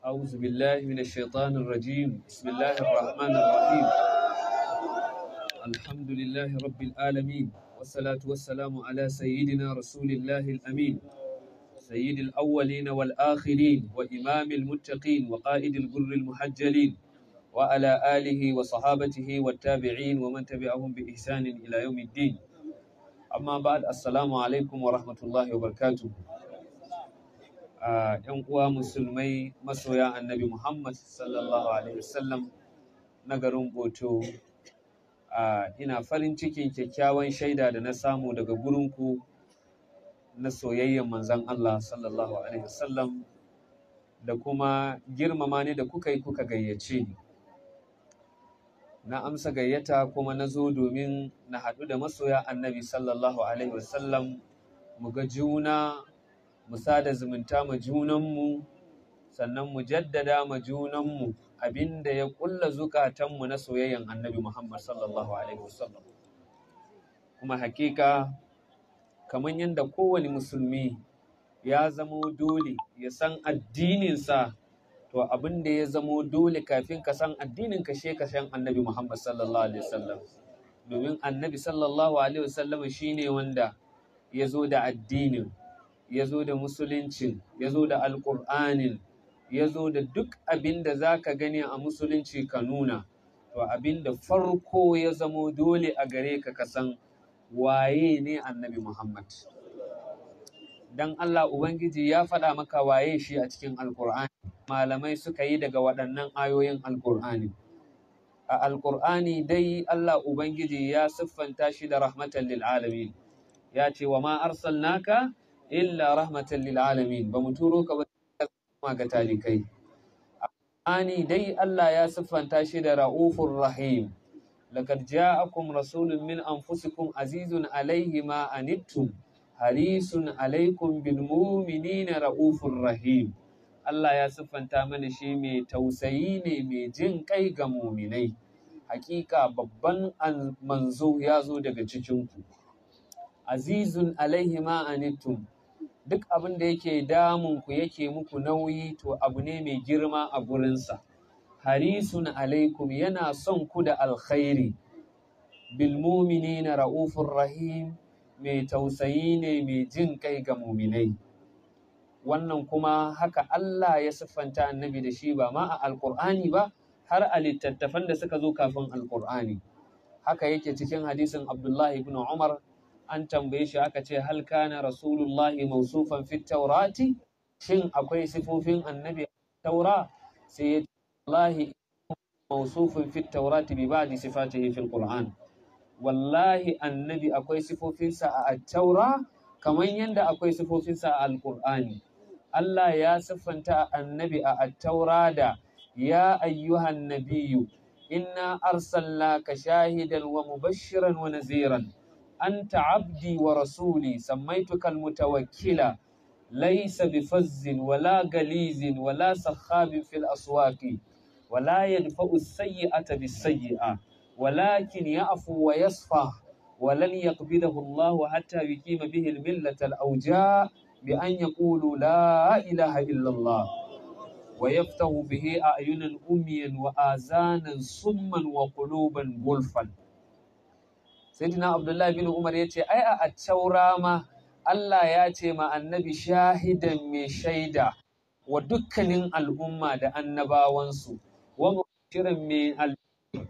أعوذ بالله من الشيطان الرجيم بسم الله الرحمن الرحيم الحمد لله رب العالمين والصلاة والسلام على سيدنا رسول الله الأمين سيد الأولين والآخرين وإمام المتقين وقائد الجر المحجلين وعلى آله وصحابته والتابعين ومن تبعهم بإحسان إلى يوم الدين أما بعد السلام عليكم ورحمة الله وبركاته 'yan uwa musulmai masoya annabi Muhammad sallallahu Alaihi wasallam na garin Boto. Ina farin cikin kyakkyawan shaida da na samu daga gurinku na soyayyen manzan Allah sallallahu Alaihi wasallam da kuma girmama ne da kuka yi kuka gayyace ni. Na amsa gayyata kuma na zo domin na haɗu da masoya annabi sallallahu Alaihi wasallam mu ga juna mu sada zumunta ma junanmu sannan mu jaddada ma junanmu abinda ya kulla zukatanmu na soyayyan annabi Muhammad sallallahu alaihi wasallam kuma hakika kamar yadda kowane musulmi ya zamo dole ya san addininsa to abin da ya zamo dole kafin ka san addinin ka she ka san annabi Muhammad sallallahu alaihi wasallam domin annabi sallallahu alaihi wasallam shine wanda ya zo da addinin ya zo da musuluncin ya zo da alƙur'anin ya zo da duk abin da za ka gani a musulunci ka nuna to abin da farko ya zamo dole a gare ka kasan waye ne annabi muhammad don allah ubangiji ya faɗa maka waye shi a cikin alƙur'ani malamai suka yi daga waɗannan ayoyin alƙur'ani a alƙur'ani dai allah ubangiji ya siffanta shi da rahmatan lil'alami. ya ce wa ma arsalnaka illa rahmatan lil alamin ba mu turo ka ba ga talikai ani dai Allah ya siffanta shi da ra'ufur rahim laqad ja'akum rasulun min anfusikum azizun alayhi ma anittum harisun alaikum bil mu'minina ra'ufur rahim Allah ya siffanta mana shi mai tausayi ne mai jin kai ga muminai hakika babban manzo ya zo daga cikinku azizun alaihi ma anittum duk abin da yake ku yake muku nauyi to abu ne mai girma a gurinsa harisun alaikum yana son ku da alkhairi bilmumini na ra'ufin rahim mai tausayi ne mai jin kai ga muminai wannan kuma haka Allah ya siffanta annabi da shi ba ma a Alƙur'ani ba har a littattafan da suka zo kafin Alƙur'ani? haka yake cikin hadisin abdullahi ibn umar an tambaye shi aka ce hal kana rasulullahi mausufan fit taurati shin akwai sifofin annabi taura sai ya ce wallahi mausufin fit taurati bi ba'di sifatihi fil qur'an wallahi annabi akwai sifofinsa a taura kamar yadda akwai sifofinsa a alqur'ani Allah ya siffanta annabi a attaura da ya ayyuhan nabiyyu inna ka shahidan wa mubashiran wa naziran anta abdi wa rasuli sammaituka almutawakkila laysa bifazzin wala galizin wala sakhabin fil aswaqi wala yadfa'u as-sayyi'ata bis-sayyi'a walakin ya'fu wa yasfah ولن يقبضه الله حتى يقيم به الملة الأوجاء بأن يقولوا لا إله إلا الله ويفتح به أعينا أميا وآذانا صما وقلوبا غلفا sayyidina abdullahi bin umar ya ce ai a acaurama, ma Allah ya ce ma annabi shahidan mai shaida wa dukkanin al'umma da annabawansu wa mubashiran mai albishir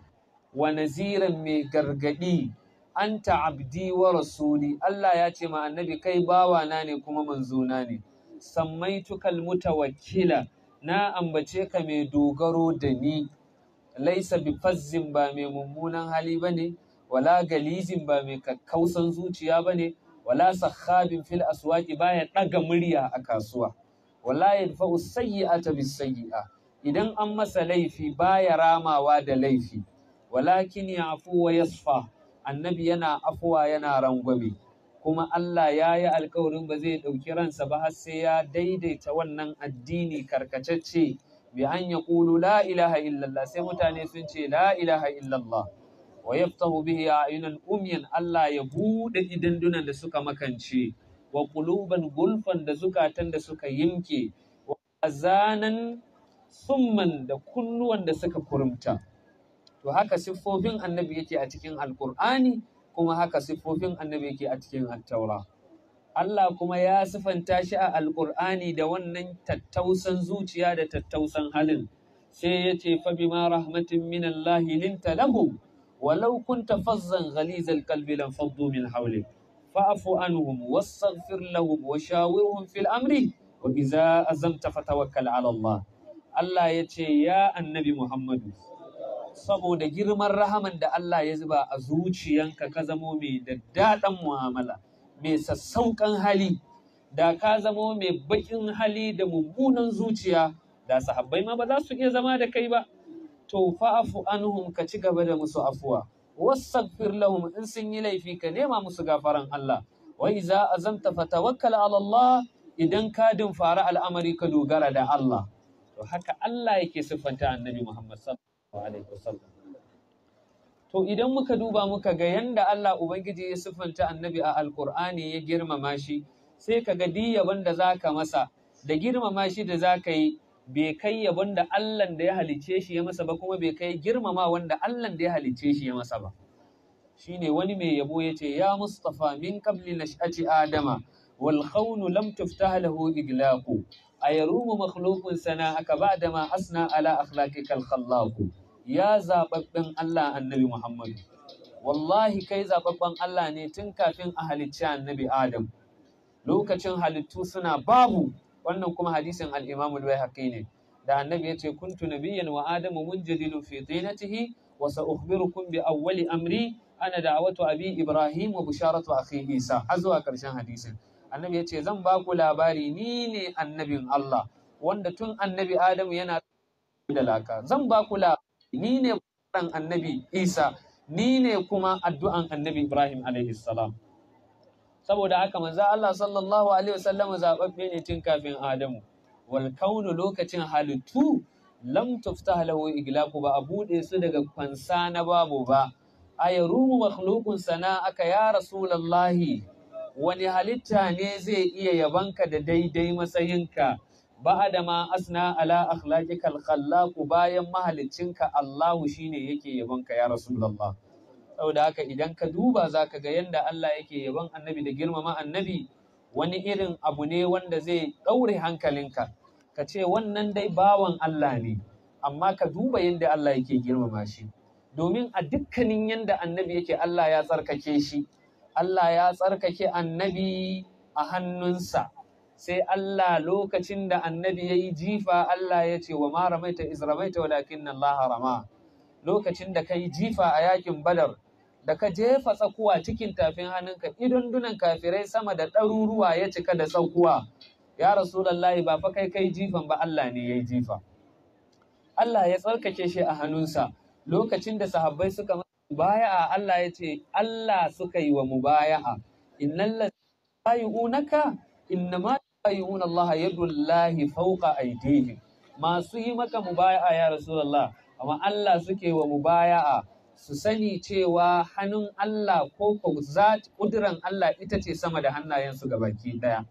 wa naziran mai gargadi an ta'abdi wa rasuli Allah ya ce ma annabi kai bawana ne kuma manzona ne muta wakila, na ambace ka mai dogaro da ni laisa bi fazzin ba mai mummunan hali bane wala galizin ba mai kakkausan zuciya ba ne wala sahabin fil aswaki baya ɗaga murya a kasuwa wala yadfa'u sayyi'ata bis sayyi'a idan an masa laifi baya ramawa da laifi walakin yafu wa yasfa annabi yana afuwa yana rangwame kuma Allah ya yi alkawarin ba zai ɗauki ransa ba har sai ya daidaita wannan addini karkacacce bi an ya ƙulu la ilaha illallah sai mutane sun ce la ilaha illallah wa yaftahu bihi ayunan umyan Allah ya bude idandunan da suka makance wa quluban gulfan da zukatan da suka yinke wa azanan summan da kunnuwan da suka kurumta to haka siffofin annabi yake a cikin alqur'ani kuma haka siffofin annabi yake a cikin attaura Allah kuma ya sifanta shi a alqur'ani da wannan tattausan zuciya da tattausan halin sai ya ce fa bima rahmatin minallahi linta walau kunta fazzan ghalizal qalbi lan faddu min hawlik fa'fu anhum wastaghfir lahum wa shawirhum fil amri wa idza azamta fatawakkal ala Allah Allah ya ce ya annabi Muhammadu saboda girman rahaman da Allah ya zuba a zuciyarka, ka zamo mai daɗan mu'amala mai sassauƙan hali da ka zamo mai baƙin hali da mummunan zuciya da sahabbai ma ba za su iya zama da kai ba to fa'afu anhum ka ci gaba da musu afuwa wastaghfir lahum in sun yi laifi ka nema musu gafaran Allah za a azamta fatawakkal wakala Allah idan ka fara al'amari ka dogara da Allah to haka Allah yake siffanta annabi Muhammad sallallahu alaihi to idan muka duba muka ga yanda Allah ubangiji ya siffanta annabi a Alƙur'ani ya girmama shi sai ka ga diya wanda zaka masa da girmama shi da ka yi bai kai yabon da Allah da ya halicce shi ya masa ba kuma bai kai girmama wanda Allah da ya halicce shi ya masa ba shine wani mai yabo ya ce ya mustafa min na nash'ati adama wal khawnu lam tuftah lahu iglaqu ayarumu makhluqun sana'aka ba'da ma asna ala akhlaqika al ya zababben Allah annabi Muhammadu. wallahi kai zababben Allah ne tun kafin a halicci annabi Adam lokacin halittu suna babu wannan kuma hadisin al-Imam al-Baihaqi ne da annabi ya ce kuntu nabiyyan wa adamu munjadilun fi tinatihi wa sa'ukhbirukum bi awwali amri ana dawatu abi ibrahim wa bisharatu akhihi isa har zuwa karshen hadisin annabi ya ce zan ba ku labari ni ne annabin Allah wanda tun annabi adamu yana da laka zan ba ku labari ni ne annabi isa ni ne kuma addu'an annabi ibrahim alaihi salam saboda haka manzo Allah sallallahu alaihi wasallam zababbe ne tun kafin Adamu wal kaunu lokacin halittu lam tuftah lahu ba a bude su daga fansa na babu ba ayarumu makhluqun sana aka ya rasulullahi wani halitta ne zai iya yabanka da daidai matsayinka ba'ada ma asna ala akhlaqikal khallaq bayan mahaliccinka Allahu shine yake yabanka ya rasulullah saboda haka idan ka duba za ka ga yadda Allah yake yaban annabi da girmama annabi wani irin abu ne wanda zai ɗaure hankalinka ka ce wannan dai bawan Allah ne amma ka duba yadda Allah yake girmama shi domin a dukkanin yadda annabi yake Allah ya tsarkake shi Allah ya tsarkake annabi a hannunsa sai Allah lokacin da annabi ya yi jifa Allah ya ce wa ma ramaita iz ramaita walakin Allah rama lokacin da ka yi jifa a yakin badar da ka jefa tsakuwa cikin tafin hannunka idundunan kafirai sama da ɗaruruwa ya cika da tsakuwa ya rasu rasulallahi ba fa kai kai jifan ba Allah ne yi jifa Allah ya tsarkake shi a hannunsa lokacin da sahabbai suka a Allah ya ce Allah suka yi wa mubaya'a innal ladayunaka innama yubayuna Allah yadullahi fawqa aydihim masu yi maka mubaya'a ya rasulullah amma Allah suke wa mubaya'a su sani cewa hannun Allah ko zat ƙuduran Allah ita ce sama da hannayensu ga baki ɗaya.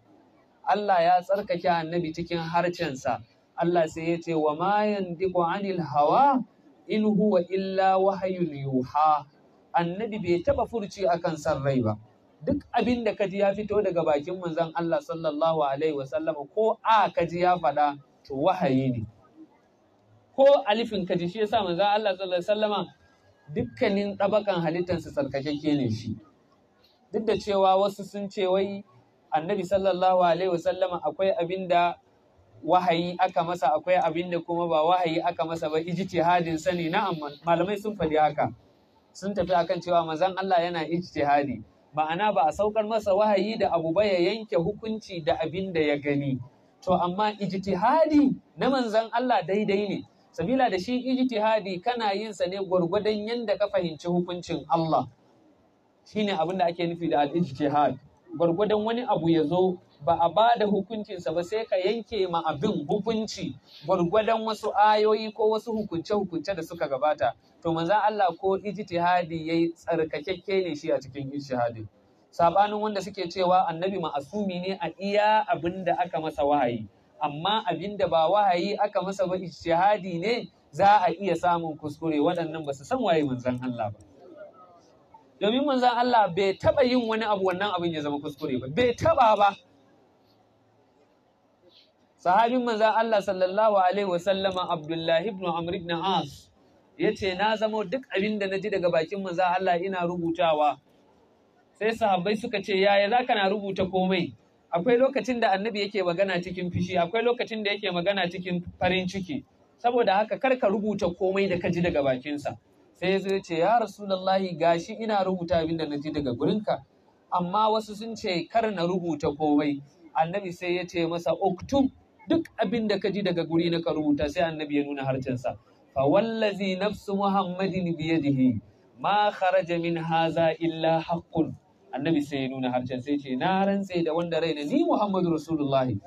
Allah ya tsarkake annabi cikin harcensa, Allah sai ya ce wa mayan diko anil hawa in huwa illa wahayun yuha. Annabi bai taɓa furci akan san rai ba. Duk abin da kaji ya fito daga bakin manzon Allah sallallahu alaihi wasallam ko a kaji ya faɗa to wahayi ne. Ko alifin kaji shi ya sa manzon Allah sallallahu alaihi wasallama dukkanin ɗabakan halittarsa tsarkakakke ne shi duk da cewa wasu sun ce wai annabi sallallahu alaihi wasallama akwai abin da wahayi aka masa akwai abin da kuma ba wahayi aka masa ba ijtihadin sani na'am malamai sun faɗi haka sun tafi akan cewa mazan Allah yana ijtihadi ma'ana ba a saukar masa wahayi da abu ba ya yanke hukunci da abin da ya gani to amma ijtihadi na manzan Allah daidai ne sabila da shi ijtihadi kana yin sa ne gwargwadon yanda ka fahimci hukuncin Allah shine abin da ake nufi da al-ijtihad gwargwadon wani abu ya zo ba a ba da hukuncinsa ba sai ka yanke ma abin hukunci gwargwadon wasu ayoyi ko wasu hukunce-hukunce da suka gabata to manzan Allah ko ijtihadi yayi tsarkakekke ne shi a cikin ijtihadi sabanin wanda suke cewa annabi ma'asumi ne a iya abin da aka masa wahayi amma abinda ba wahayi aka masa ba ishihadi ne za a iya samun kuskure waɗannan ba su san waye manzan Allah ba domin manzan Allah bai taba yin wani abu wannan abin ya zama kuskure ba bai taba ba sahabin manzan Allah sallallahu alaihi wasallama Abdullah ibn Amr ibn As yace na zama duk abin da ji daga bakin manzan Allah ina rubutawa sai sahabbai suka ce yaya zaka na rubuta komai akwai lokacin da annabi yake magana cikin fishi akwai lokacin da yake magana cikin farin ciki saboda haka kar ka rubuta komai da ka ji daga bakinsa sai zo ce ya rasulullahi gashi ina rubuta abin da na ji daga gurinka amma wasu sun ce kar na rubuta komai annabi sai ya ce masa uktum duk abin da ka ji daga guri na ka rubuta sai annabi ya nuna harcensa fa wallazi nafsu muhammadin biyadihi ma kharaja min haza illa haqqun annabi sai ya nuna harshen sai ce na rantse da wanda raina ni muhammadu rasulullahi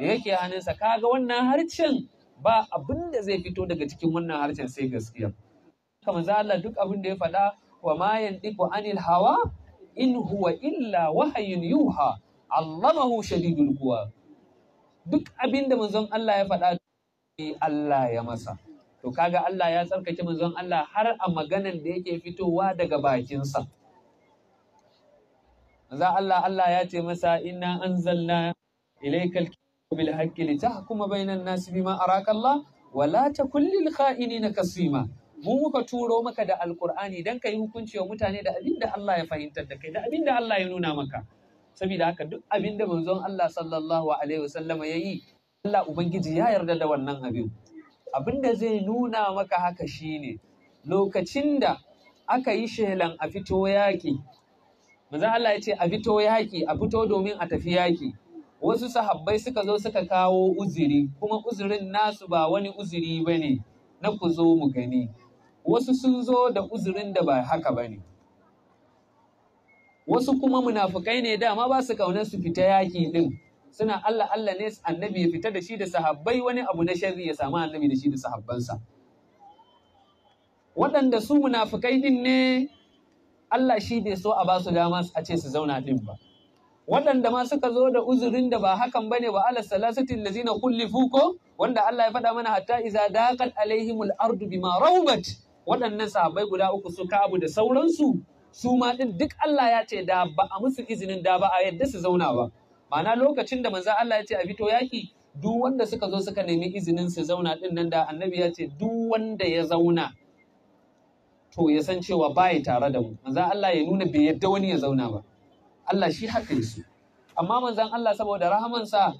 yake yake hannunsa kaga wannan harshen ba abin da zai fito daga cikin wannan harshen sai gaskiya kamar za Allah duk abin da ya faɗa wa ma yantiqu anil hawa in huwa illa wahayin yuha allamahu shadidul quwa duk abin da manzon Allah ya faɗa Allah ya masa to kaga Allah ya tsarkake manzon Allah har a maganan da yake fitowa daga bakinsa. manzo Allah Allah ya ce masa ina anzalna ilaykal kitaba bil haqqi litahkuma bainan nas bima araka Allah wa la takun kha'inina kasima mu muka turo maka da alqur'ani dan kai hukunci wa mutane da abinda Allah ya fahimtar da kai da abinda Allah ya nuna maka saboda haka duk abinda manzon Allah sallallahu alaihi wasallama yayi Allah ubangiji ya yarda da wannan abin abinda zai nuna maka haka shine lokacin da aka yi shelan a fito yaƙi manzon Allah ya ce a fito yaki a fito domin a tafi yaki wasu sahabbai suka zo suka kawo uzuri kuma uzurin nasu ba wani uzuri bane na ku zo mu gani wasu sun zo da uzurin da ba haka bane wasu kuma munafukai ne dama ba su kauna su fita yaki din suna Allah Allah ne annabi ya fita da shi da sahabbai wani abu na sharri ya samu annabi da shi da sahabbansa waɗanda su munafukai din ne Allah shi bai so a ba su dama a ce su zauna din ba waɗanda ma suka zo da uzurin da ba hakan ba ne ba ala salasatin lazina kullifu ko wanda Allah ya faɗa mana hatta iza daqat alaihimul ardu bima raubat waɗannan sahabbai guda uku su kabu da sauransu su ma din duk Allah ya ce da ba a musu izinin da ba a yadda su zauna ba ma'ana lokacin da manzan Allah ya ce a fito yaƙi? duk wanda suka zo suka nemi izinin su zauna din nan da annabi ya ce duk wanda ya zauna to ya san cewa baya tare da mu manzan Allah ya nuna bai yadda wani ya zauna ba Allah shi haka su amma manzan Allah saboda rahamansa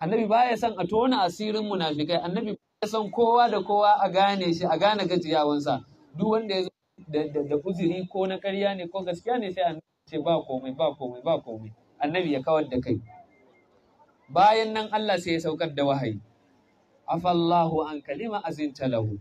annabi baya san a tona asirin munafikai annabi ya san kowa da kowa a gane shi a gane gajiyawansa duk wanda ya zo da uzuri ko na ƙarya ne ko gaskiya ne sai annabi ce ba komai ba komai ba komai annabi ya kawar da kai bayan nan Allah sai ya saukar da wahayi afallahu an kalima azinta lahu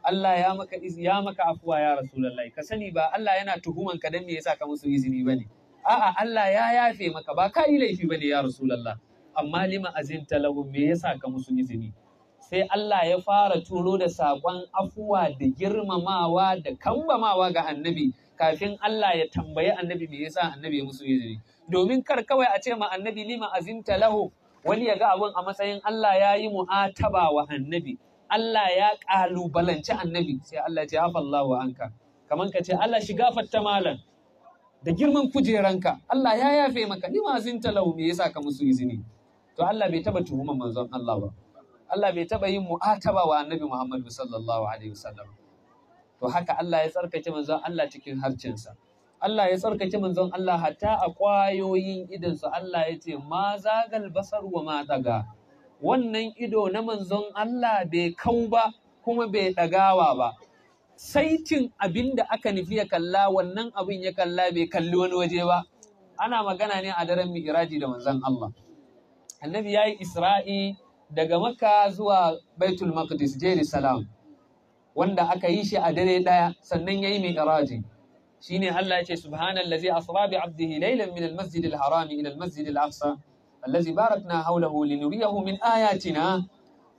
Allah ya maka ya maka afuwa ya Rasulullahi ka sani ba Allah yana tuhuman ka dan me yasa ka musu izini bane a'a Allah ya yafe maka ba ka yi laifi bane ya Rasulullah amma lima azinta lahum me yasa ka musu izini sai Allah ya fara turo da saƙon afuwa da girmamawa da kambamawa ga annabi kafin Allah ya tambayi annabi me yasa annabi ya musu izini domin kar kawai a ce ma annabi lima azinta lahu wani ya ga abun a matsayin Allah ya yi mu'ataba wa annabi Allah ya ƙalubalanci annabi sai Allah ce wa anka kaman ka ce Allah shiga fatta malam da girman kujeranka Allah ya yafe maka ni ma zin talau me yasa ka musu izini to Allah bai taba tuhumar manzon Allah ba Allah bai taba yin mu'ataba wa annabi Muhammad sallallahu alaihi wasallam to haka Allah ya tsarkake manzon Allah cikin harcinsa Allah ya tsarkake manzon Allah hatta a kwayoyin su Allah ya ce ma zagal basar wa ma daga wannan ido na manzon Allah bai kau ba kuma bai ɗagawa ba. Saitin abin da aka nufi ya kalla wannan abin ya kalla bai kalli wani waje ba. Ana magana ne a daren mi'iraji da manzon Allah. Annabi ya yi Isra'i daga Makka zuwa Baitul Maqdis Jeri Salam. Wanda aka yi shi a dare ɗaya sannan ya yi mi'iraji. Shi ne Allah ya ce, Subhanallah zai asra bi abdihi lailan min al-masjid al-harami ila al-masjid al-aqsa allazi barakna haulahu linuriyahu min ayatina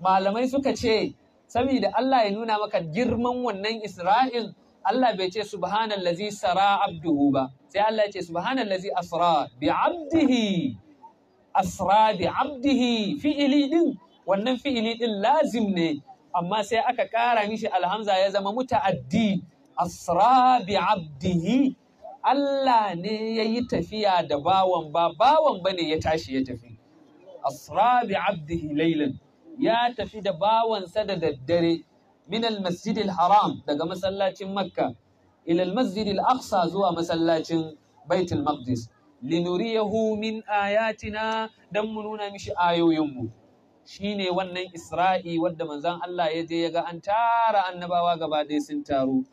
malamai suka ce saboda Allah ya nuna maka girman wannan Isra'il Allah bai ce subhanallazi sara abduhu ba sai Allah ya ce subhanallazi asra bi abdihi asra bi abdihi fi'ili din wannan fi'ili din lazim ne amma sai aka ƙara mishi alhamza ya zama muta'addi asra bi abdihi Allah ne ya yi tafiya da bawan ba bawan ba ne ya tashi ya tafi asra bi abdihi ya tafi da bawansa da daddare Minal masjidil haram daga masallacin makka ila masjidil aqsa zuwa masallacin baitul maqdis linuriyahu min ayatina dan mu nuna mishi ayoyinmu shine wannan isra'i wadda manzon Allah ya je ya ga an tara annabawa gaba ɗaya sun taru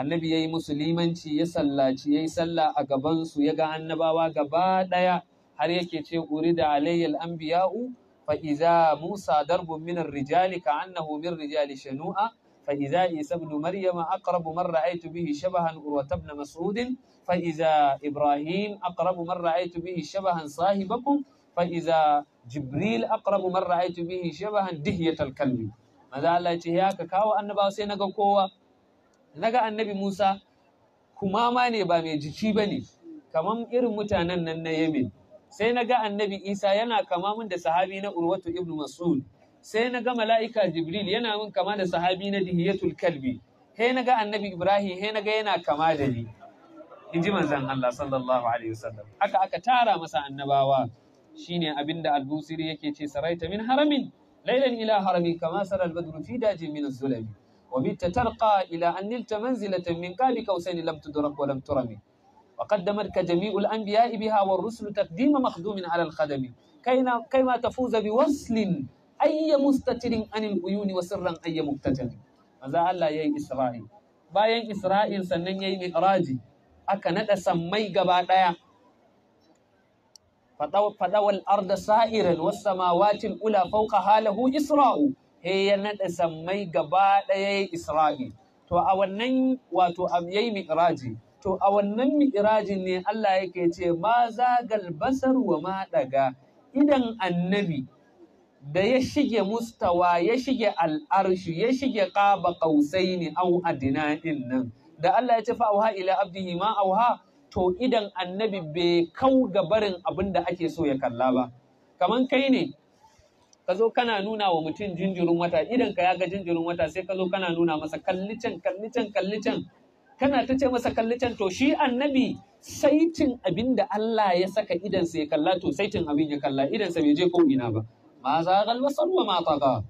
annabi ya yi musulmanci ya sallaci ya yi sallah a gabansu ya ga annabawa gaba ɗaya har yake ce uri da alayyal anbiya'u fa Fa'iza musa darbun rijali ka annahu min rijali shanu'a Fa'iza isa ibn maryam aqrabu man ra'aytu bihi shabahan urwata ibn Masudin. Fa'iza ibrahim aqrabu man ra'aytu bihi shabahan sahibakum fa jibril aqrabu man ra'aytu bihi shabahan dihiyatal kalbi maza Allah ya ce ya ka kawo annabawa sai na ga kowa na ga annabi Musa kumama ne ba mai jiki ba ne, kamar irin mutanen nan na Yemen. Sai na ga annabi Isa yana kama min da sahabi na Urwatu Ibn Mas'ud. Sai na ga mala'ika Jibril yana min kama da sahabi na Dihiyatul Kalbi. Sai na ga annabi Ibrahim, sai na ga yana kama da ni. In ji manzan Allah sallallahu Alaihi wasallam. Haka aka tara masa annabawa shine abinda Al-Busiri yake ce saraita min haramin. Lailan ila harami kama sarar badru fi dajin min zulami. وبت ترقى إلى أن نلت منزلة من قاب قوسين لم تدرك ولم ترمي وقدمتك جميع الأنبياء بها والرسل تقديم مخدوم على الخدم كيما تفوز بوصل أي مستتر عن العيون وسرا أي مبتتر maza Allah ya yi Isra'il. Bayan Isra'il sannan ya yi Mi'raji, aka naɗa sammai gaba ɗaya. Faɗawal arda sa'iran wasu samawatin ula fauka halahu Isra'u, he ya naɗa sammai gaba ɗaya Isra'i. To a wannan wato yayi mi'raji. To a wannan mi'rajin ne Allah yake ce ma zagal basar wa ma daga idan annabi da ya shige mustawa ya shige al'arshi ya shige ƙaba ƙausai ne au adina nan. Da Allah ya ce fa auha ila abdihi ma auha to idan annabi bai kau ga barin abin da ake so ya kalla ba. Kaman kai ne ka zo kana nuna wa mutum jinjirin wata idan ka ya ga jinjirin wata sai ka zo kana nuna masa kallicen kallicen kallicen kana ta ce masa kallicen to shi annabi saitin abin da Allah ya saka idan ya kalla to saitin abin ya kalla idan sa bai je ko ina ba ma za gal wa ma taqa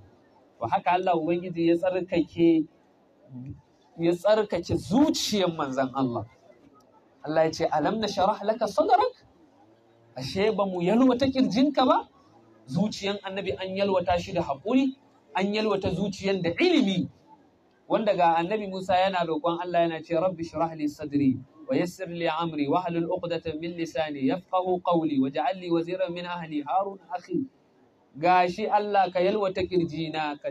to haka Allah ubangiji ya tsarkake ya tsarkake zuciyar manzon Allah Allah ya ce alam nashrah laka sadrak ashe ba mu yalwa ta kirjinka ba zuciyan annabi an yalwata shi da haƙuri an yalwata zuciyan da ilimi wanda ga annabi Musa yana roƙon Allah yana ce rabbi shrah li sadri wa yassir li amri wa hlul uqdatan min lisani yafqahu qawli waj'al li waziran min ahli harun akhi gashi Allah ka yalwata kirjina ka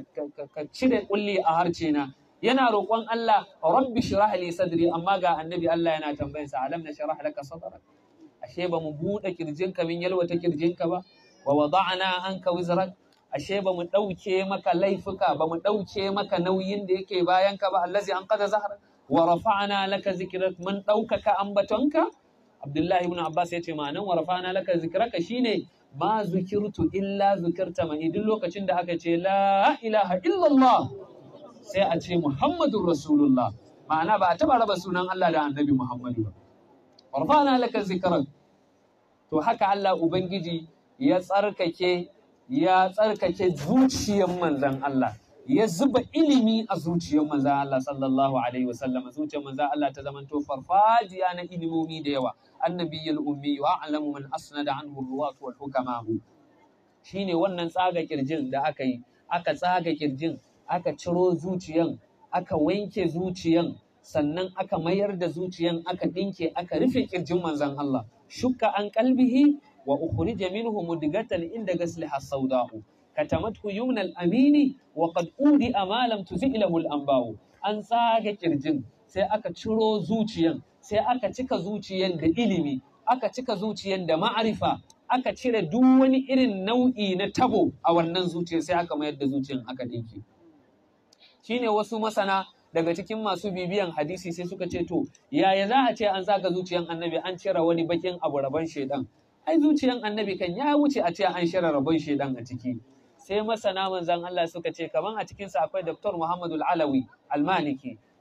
ka cire kulli a harce na yana roƙon Allah rabbi shrah li sadri amma ga annabi Allah yana tambayarsa alam na shrah laka sadrak ashe ba mu buɗe kirjinka min yalwata kirjinka ba wa wada'na anka wizrak ashe ba mu ɗauke maka laifuka ba mu ɗauke maka nauyin da yake bayan ka ba allazi an qada zahra wa rafa'na laka zikrak mun ɗaukaka ambatonka abdullahi ibn abbas yace ma'anan wa rafa'na laka zikraka shine ma zikirtu illa zikirta mani duk lokacin da aka ce la ilaha illallah sai a ce muhammadur rasulullah ma'ana ba a taba raba sunan Allah da annabi muhammadu ba rafa'na laka zikrak to haka Allah ubangiji ya tsarkake ya tsarkake zuciyar manzan Allah ya zuba ilimi a zuciyar manzan Allah sallallahu alaihi sallam zuciyar manzan Allah ta zamanto farfajiya na ilimomi da yawa annabiyyul ummi wa alamu man asnada anhu ruwat wal hukamahu shine wannan tsaga kirjin da aka yi aka tsaga kirjin aka ciro zuciyan aka wanke zuciyan sannan aka mayar da zuciyan aka dinke aka rufe kirjin manzan Allah shukka an kalbihi wa ukhrija minhu mudgatan inda gasliha sawdahu katamatu yumna al-amini wa qad udi amalam tuzilahu al-anba'u an saga kirjin sai aka ciro zuciyan sai aka cika zuciyan da ilimi aka cika zuciyan da ma'arifa aka cire duk wani irin nau'i na tabo a wannan zuciyar sai aka mayar da zuciyan aka dinki shine wasu masana daga cikin masu bibiyan hadisi sai suka ce to yaya za a ce an zaga zuciyan annabi an cire wani bakin abu rabon shaidan ai zuciyar annabi kan ya wuce a ce an shirya rabon shedan a ciki sai masana manzan Allah suka ce kaman a cikinsa akwai Dr. Muhammadu Al-Alawi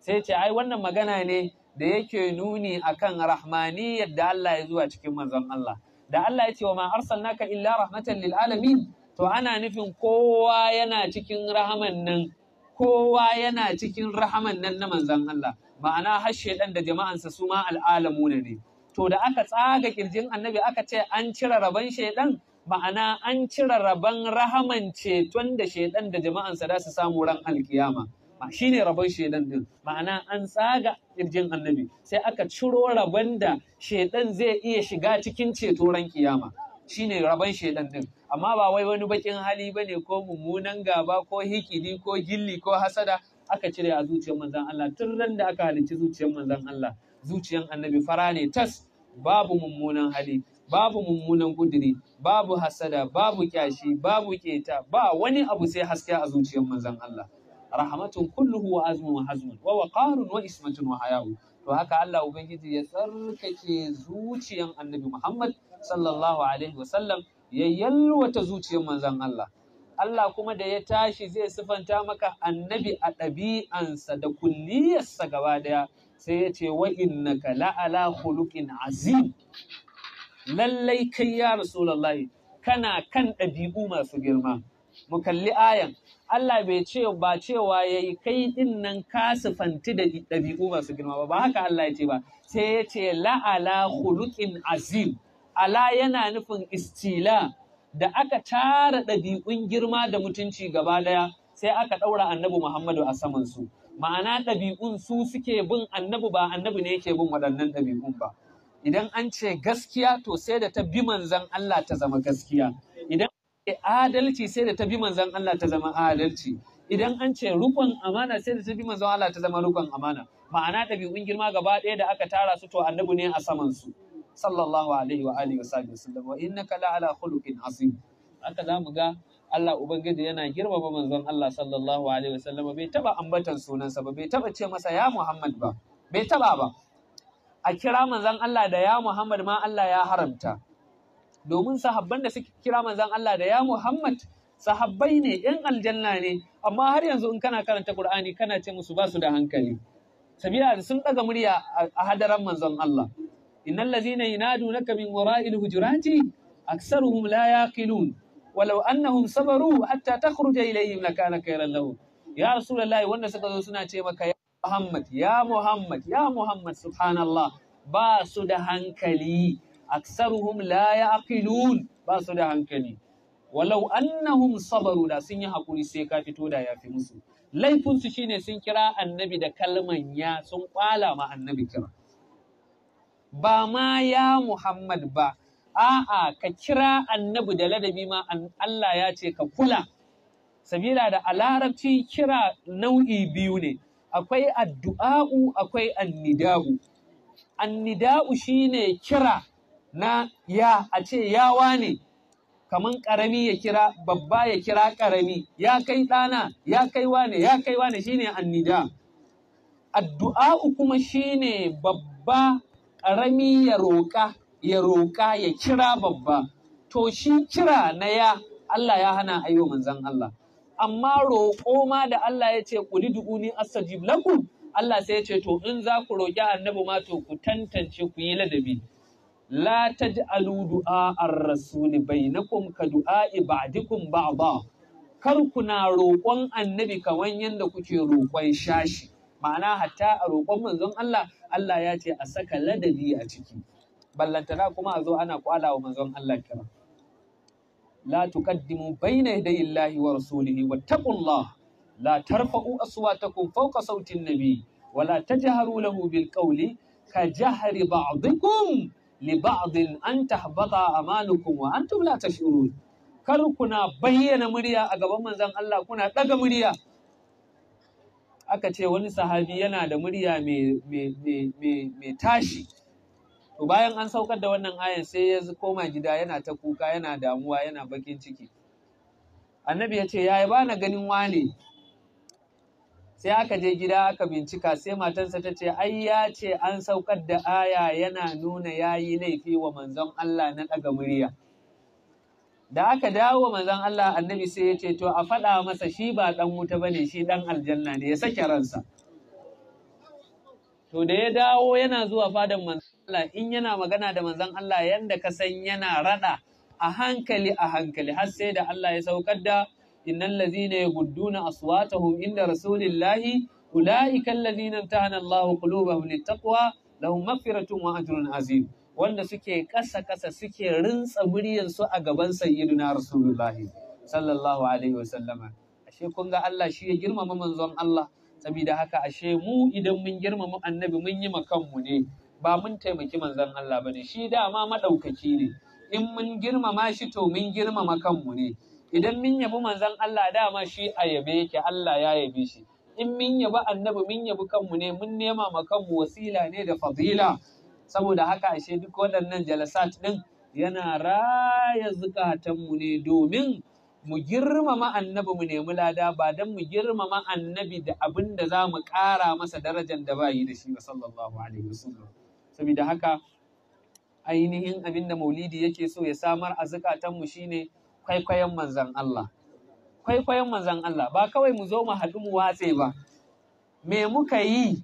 sai ce ai wannan magana ne da yake nuni akan rahmaniyar da Allah ya zuwa cikin manzon Allah da Allah ya ce wa ma arsalnaka illa rahmatan lil alamin to ana nufin kowa yana cikin rahaman nan kowa yana cikin rahaman nan na manzan Allah ma'ana har shedan da jama'ansa su ma al'alamu ne to da aka tsaga kirjin annabi aka ce an cire rabon shaidan ma'ana an cire rabon rahaman ceton da shaidan da jama'ansa za su samu ran alkiyama shi ne rabon shaidan din ma'ana an tsaga kirjin annabi sai aka ciro rabon da shaidan zai iya shiga cikin ceto ran kiyama shine rabon shaidan din amma ba wai wani bakin hali bane ko mummunan gaba ko hikidi ko gilli ko hasada aka cire a zuciyar manzon Allah tun ran da aka halicci zuciyar manzon Allah zuciyar annabi fara ne tas babu mummunan hali babu mummunan kudiri babu hasada babu kyashi babu keta ba wani abu sai haske a zuciyar manzon Allah rahmatun kulluhu wa azmun wa hazmun wa waqarun wa ismatun wa haya'u to haka Allah ubangiji ya tsarkake zuciyar annabi Muhammad sallallahu alaihi wasallam ya yalwata zuciyar manzon Allah Allah kuma da ya tashi zai sifanta maka annabi a ɗabi'ansa da kulliyarsa gaba daya sai ya ce wa innaka la'ala hulukin azim lallai kai ya rasulallah? kana kan ɗabi'u masu girma mu kalli ayan Allah bai ce ba cewa ya yi kai ɗin nan ka sifanti da ɗabi'u masu girma ba ba haka Allah ya ce ba sai ya ce la'ala hulukin azim ala yana nufin istila da aka tara ɗabi'un girma da mutunci gaba ɗaya sai aka ɗaura annabi Muhammadu a samansu. ma'ana ɗabi'un su suke bin annabi ba annabi ne yake bin waɗannan ɗabi'un ba idan an ce gaskiya to sai da ta bi manzan Allah ta zama gaskiya idan an ce adalci sai da ta bi manzan Allah ta zama adalci idan an ce rukun amana sai da ta bi manzan Allah ta zama rukun amana ma'ana ɗabi'un girma gaba ɗaya da aka tara su to annabi ne a saman su sallallahu alaihi wa alihi wa sallam wa innaka la ala khuluqin azim haka zamu ga Allah Ubangiji yana girmama manzon Allah sallallahu alaihi sallama. bai taba ambatan sunansa ba bai taba ce masa ya Muhammad ba bai taba ba a kira manzon Allah da ya Muhammad ma Allah ya haramta domin sahabban da suke kira manzon Allah da ya Muhammad sahabbai ne yan aljanna ne amma har yanzu in kana karanta Qur'ani kana ce musu ba su da hankali Sabiya sun daga murya a hadaran manzon Allah innal ladhina yunadunaka min wara'il hujurati aktsaruhum la yaqilun walau annahum sabaru hatta takhruja ilayhim lakana khairan lahum ya rasulullahi wanda suka zo suna ce maka ya Muhammad ya Muhammad ya Muhammad subhanallah ba su da hankali aksaruhum la yaqilun ba su da hankali walau annahum sabaru da sun yi hakuri sai ka fito da ya fi musu laifinsu shine sun kira annabi da kalman ya sun kwala ma annabi kira ba ma ya Muhammad ba a'a ka kira annabi da ladabi ma Allah ya ce ka kula sabila da a larabci kira nau'i biyu ne akwai addu'a'u akwai annida'u annida'u shine kira na ya a ce yawa ne kaman ƙarami ya kira babba ya kira ƙarami ya kai ɗana ya kai wane ya kai wane shine annida addu'a'u kuma shine babba ƙarami ya roƙa ya roƙa ya kira babba to shi kira na ya Allah ya hana ayo manzan Allah amma roƙo ma da Allah ya ce ƙuli ni astajib lakum Allah sai ya ce to in za ku roƙi annabi ma to ku tantance ku yi ladabi la taj'alu du'a ar-rasul bainakum ka du'a'i ba'dikum ba'da kar kuna roƙon annabi kamar yadda kuke roƙon shashi ma'ana hatta a roƙon manzon Allah Allah ya ce a saka ladabi a ciki ballantana kuma a zo ana kwala wa manzon Allah kira la tuqaddimu bayna yaday Allahi wa rasulihi wattaqullah la tarfa'u aswatakum fawqa sautin nabi wa la tajharu lahu bil qawli ka jahri ba'dikum li ba'din an tahbata amalukum wa antum la tash'urun kar kuna bayyana murya a gaban manzon Allah kuna daga murya aka ce wani sahabi yana da murya mai tashi to bayan an saukar da wannan ayan sai ya koma gida yana ta kuka yana damuwa yana bakin ciki annabi ya ce yayi bana ganin wane sai aka je gida aka bincika sai matansa ta ce ai ya ce an saukar da aya yana nuna yayi laifi wa manzon Allah na daga murya da aka dawo manzon Allah annabi sai ya ce to a faɗa masa shi ba dan wuta bane shi ɗan aljanna ne ya sake ransa to da ya dawo yana zuwa fadan manzon Allah in yana magana da manzon Allah yanda ka san yana rada a hankali a hankali har sai da Allah ya saukar da innal ladzina yaghudduna aswatahum inda rasulillahi ulaika alladzina tahana Allahu qulubahum littaqwa lahum maghfiratun wa ajrun azim wanda suke kasa kasa suke rintsa muryan su a gaban sayyidina rasulullahi sallallahu alaihi wasallama ashe kun ga Allah shi ya girmama manzon Allah saboda haka ashe mu idan mun girmama annabi mun yi kanmu ne ba mun taimaki manzon Allah bane shi dama madaukaki ne in mun girmama shi to mun girmama kanmu ne idan mun yabi manzon Allah dama shi a yabe yake Allah ya yabe shi in mun yabi annabi mun yabi kanmu ne mun nema ma kanmu wasila ne da fadila saboda haka ashe duk waɗannan jalasat din yana raya zukatanmu ne domin mu girmama annabi mu nemi lada ba don mu girmama annabi da abin da za mu ƙara masa darajar da bayi da shi ba sallallahu alaihi wasallam saboda haka ainihin abin da maulidi yake so ya samar a zukatanmu shine kwaikwayon manzan Allah kwaikwayon manzan Allah ba kawai mu zo mu haɗu mu watse ba me muka yi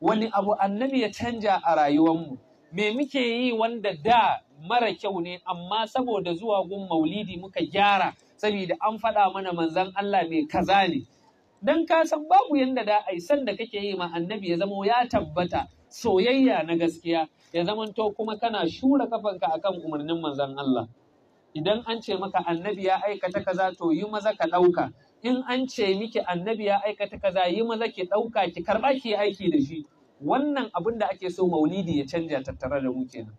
wani abu annabi ya canja a rayuwarmu me muke yi wanda da mara kyau ne amma saboda zuwa gun maulidi muka gyara saboda an faɗa mana manzan Allah mai kaza ne dan ka san babu yadda da ai san da kake yi ma annabi ya zama ya tabbata soyayya na gaskiya ya zamanto kuma kana shura kafanka akan umarnin manzan Allah idan an ce maka annabi ya aikata kaza to yi maza ka ɗauka in an ce miki annabi ya aikata kaza yi maza ki ɗauka ki karɓa ki yi aiki da shi wannan abin da ake so maulidi ya canja tattare da mu kenan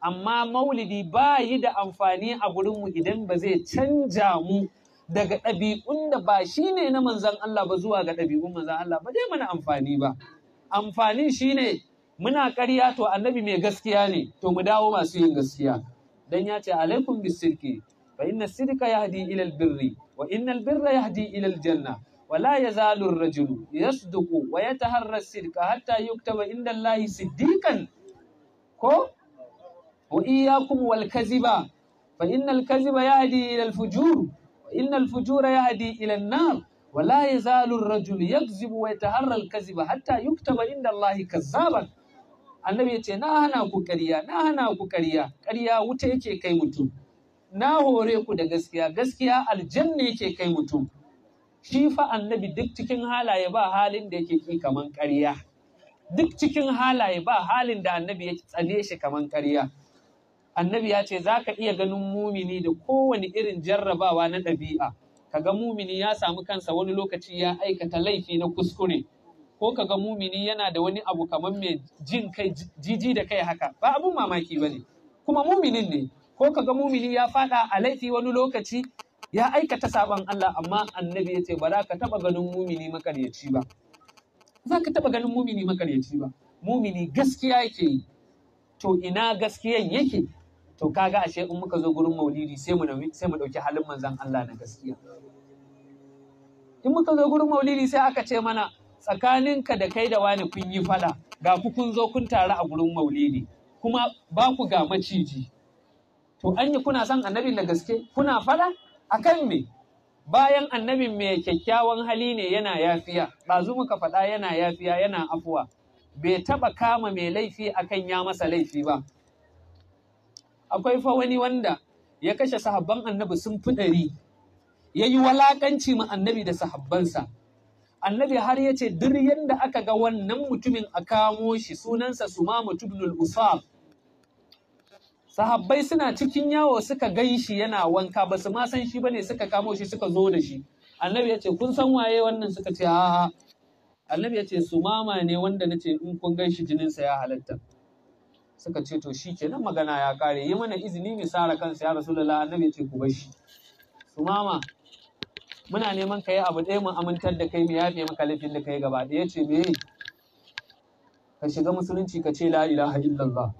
amma maulidi ba yi da amfani a mu idan ba zai canja mu daga ɗabi'un da ba shi ne na manzan Allah ba zuwa ga ɗabi'un manzan Allah ba zai mana amfani ba. Amfanin shi ne muna ƙarya to annabi mai gaskiya ne to mu dawo masu yin gaskiya. Dan ya ce alaikum bisirki fa inna sirka yahdi ila albirri wa inna albirra yahdi ila aljanna wa la yazalu ar-rajulu yasduqu wa yataharra as hatta yuktaba inda Allah siddiqan ko wa iyyakum wal kadhiba fa innal kadhiba yahdi ila al fujur wa innal fujura yahdi ila an nar wa la yazalu ar rajul yakzibu wa yataharra al kadhiba hatta yuktaba inda Allah kazzaban annabi yace na hana ku ƙarya na hana ku karya karya wuta yake kai mutum na hore ku da gaskiya gaskiya aljanna yake kai mutum shi fa annabi duk cikin halaye ba halin da yake ki kaman ƙarya duk cikin halaye ba halin da annabi ya tsane shi kaman karya? annabi ya ce za ka iya ganin mumini da kowane irin jarrabawa na ɗabi'a Ka ga mumini ya samu kansa wani lokaci ya aikata laifi na kuskure ko ka ga mumini yana da wani abu kamar mai jin kai jiji da kai haka ba abun mamaki ba ne kuma muminin ne ko ka ga mumini ya faɗa a laifi wani lokaci ya aikata sabon Allah amma annabi ya ce ba za ka taɓa ganin mumini makaryaci ba za ka taɓa ganin mumini makaryaci ba mumini gaskiya yake yi to ina gaskiyan yake to kaga ashe in muka zo gurin maulidi sai mu sai mu dauki halin manzon Allah na gaskiya in muka zo gurin maulidi sai aka ce mana tsakaninka da kai da wani kun yi fada ga ku kun zo kun taru a gurin maulidi kuma ba ku ga maciji to anya kuna son annabi na gaske kuna fada akan me bayan annabin mai kyakkyawan hali ne yana yafiya ɗazu muka faɗa yana yafiya yana afuwa bai taɓa kama mai laifi akan ya masa laifi ba akwai fa wani wanda ya kashe sahabban annabi sun fi ɗari ya yi walakanci ma annabi da sahabbansa annabi har ya ce duk yadda aka ga wannan mutumin a kamo shi sunansa sumama tubnul usab sahabbai suna cikin yawo suka gan shi yana wanka ba su ma san shi ne suka kamo shi suka zo da shi annabi ya ce kun san waye wannan suka ce a'a annabi ya ce sumama ne wanda na ce in kun gan shi jininsa ya halatta suka ce to shi kenan magana ya kare yi mana izini mu sara kansa ya na annabi ce ku bashi su mama muna neman ka yi abu ɗaya mu amintar da kai mu yafe maka laifin da kai gaba ɗaya ce me ka shiga musulunci ka ce la ilaha illallah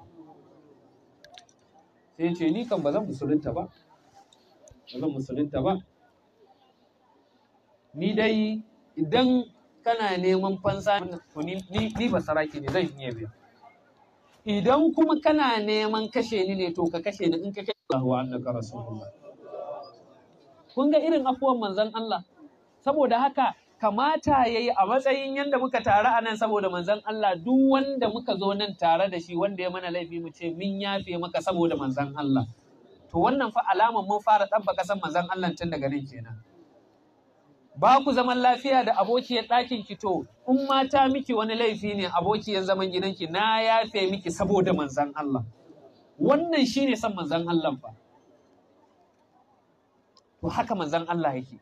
sai ce ni kan ba zan musulunta ba ba zan musulunta ba ni dai idan kana neman fansa ni ba saraki ne zan yi biya idan kuma kana neman kashe ni ne to ka kashe ni in ka kashe Allahu annaka rasulullah kun ga irin afuwan manzon Allah saboda haka kamata yayi a matsayin yanda muka tare a nan saboda manzon Allah duk wanda muka zo nan tare da shi wanda ya mana laifi mu ce min yafe maka saboda manzon Allah to wannan fa alaman mun fara tabbaka san manzon Allah tun daga nan kenan ba ku zaman lafiya da abokiyar ɗakin ki to in mata miki wani laifi ne abokiyar zaman gidanki na yafe miki saboda manzan Allah wannan shine san manzan Allah fa to haka manzan Allah yake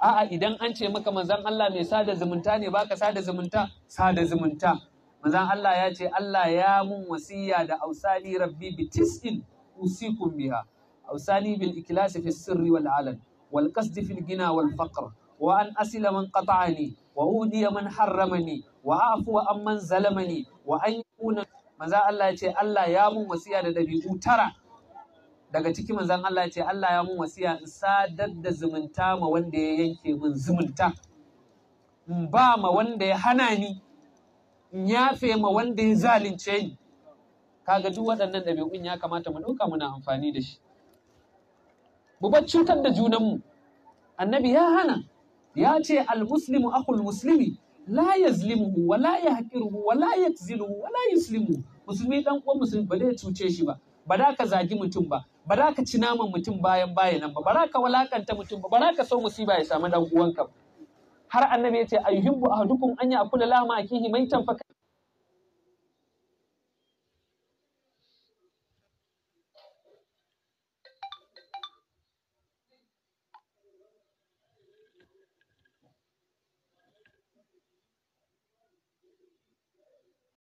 a'a idan an ce maka manzan Allah mai sada zumunta ne baka sada zumunta sada zumunta manzan Allah ya ce Allah ya mun wasiya da ausali rabbi bitis'in usikum biha ausali bil ikhlasi fi sirri wal alan wal qasdi fil gina wal faqr wa an asila man qata'ani wa udiya man harramani wa afu amman zalamani wa an manzan Allah ya Allah ya mun wasiya da dabi'u tara daga ciki manzan Allah ya Allah ya mun wasiya in sadar da zumunta ma wanda ya yanke mun zumunta in ba ma wanda ya hana ni in yafe ma wanda ya zalunce ni kaga duk waɗannan ɗabi'un ya kamata mu ɗauka muna amfani da shi mu bar cutar da junanmu annabi ya hana ya ce almuslimu akul muslimi la yazlimuhu wa la yahqiruhu wa la yakziluhu wa la yuslimu musulmi dan uwan musulmi ba zai cuce shi ba ba za ka zagi mutum ba ba za ka ci naman mutum bayan bayanan ba ba za ka walakanta mutum ba ba za ka so musiba ya samu dan uwanka har annabi ya ce ayyuhibbu ahadukum an ya'kula lahma akihi maitan fa